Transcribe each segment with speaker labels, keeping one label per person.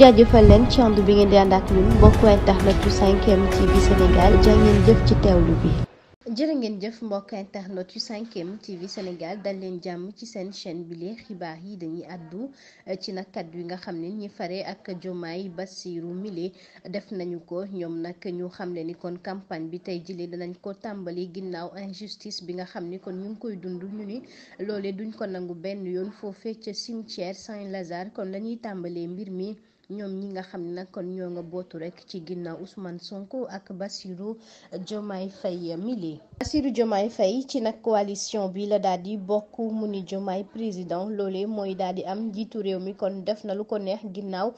Speaker 1: jaajëfal leen ci ànd bi ngeen di ànd ak ñun mbokku TV Sénégal jaa ngeen jëf ci teewlu bi. jërë ngeen jëf mbokk internet yu 5M TV senegal dal leen jàmm ci seen chaîne bi xibaar yi dañuy àddu eh, ci nag kàddu yi nga xam ne ñi fare ak Jomaay Bassirou Mile def nañu ko ñoom nag ñu xamle ni kon campagne bi tey jile danañ ko tàmbali ginnaaw injustice bi nga xam ni kon ñu ngi koy dund ñu ni loolee duñ ko nangu benn yoon foofee ca cimetière Saint-Lazare kon lañuy tàmbalee mbir mi. ñoom ñi nga xam ne nag kon ñoo nga bootu rekk ci ginnaaw Ousmane Sonko ak Bassirou Diomaye Faye mili Bassirou Diomaye Faye ci nag coalition bi la daal di bokk mu ni Diomaye président loole mooy daal di am njiitu réew mi kon def na lu ko neex ginnaaw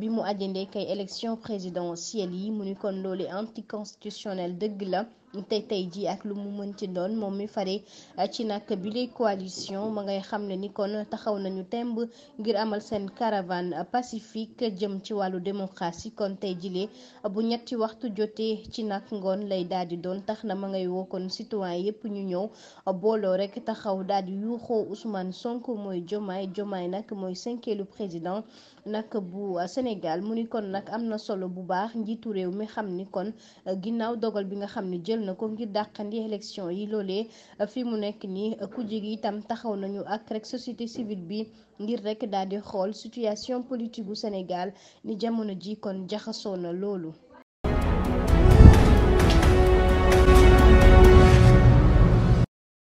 Speaker 1: bi mu ajandee kay élection présidentielle yi mu ni kon loole anticonstitutionnel dëgg la te tey ji ak lu mu mën ci doon moom mi fare eh, ci nag bile coalition ma ngay xam ne ni kon taxaw nañu temb ngir amal seen caravane pacifique jëm ci wàllu démocratie kon tey jilee bu ñetti waxtu jotee ci nag ngoon lay daal di doon tax na ma ngay woo kon citoyen yépp ñu ñëw booloo rek taxaw daal di yuuxoo Ousmane sonk mooy Jomaay Jomaay nag mooy cinquième président nag bu Sénégal mu ni kon nag am na solo bu baax njiitu réew mi xam ni kon eh, ginnaaw dogal na ko ngir dàqandi élection yi loolee fi mu nekk nii kujje gi itam taxaw nañu ak rek société civile bi ngir rek daal di xool situation politique gu Sénégal ni jamono ji kon jaxasoo na loolu.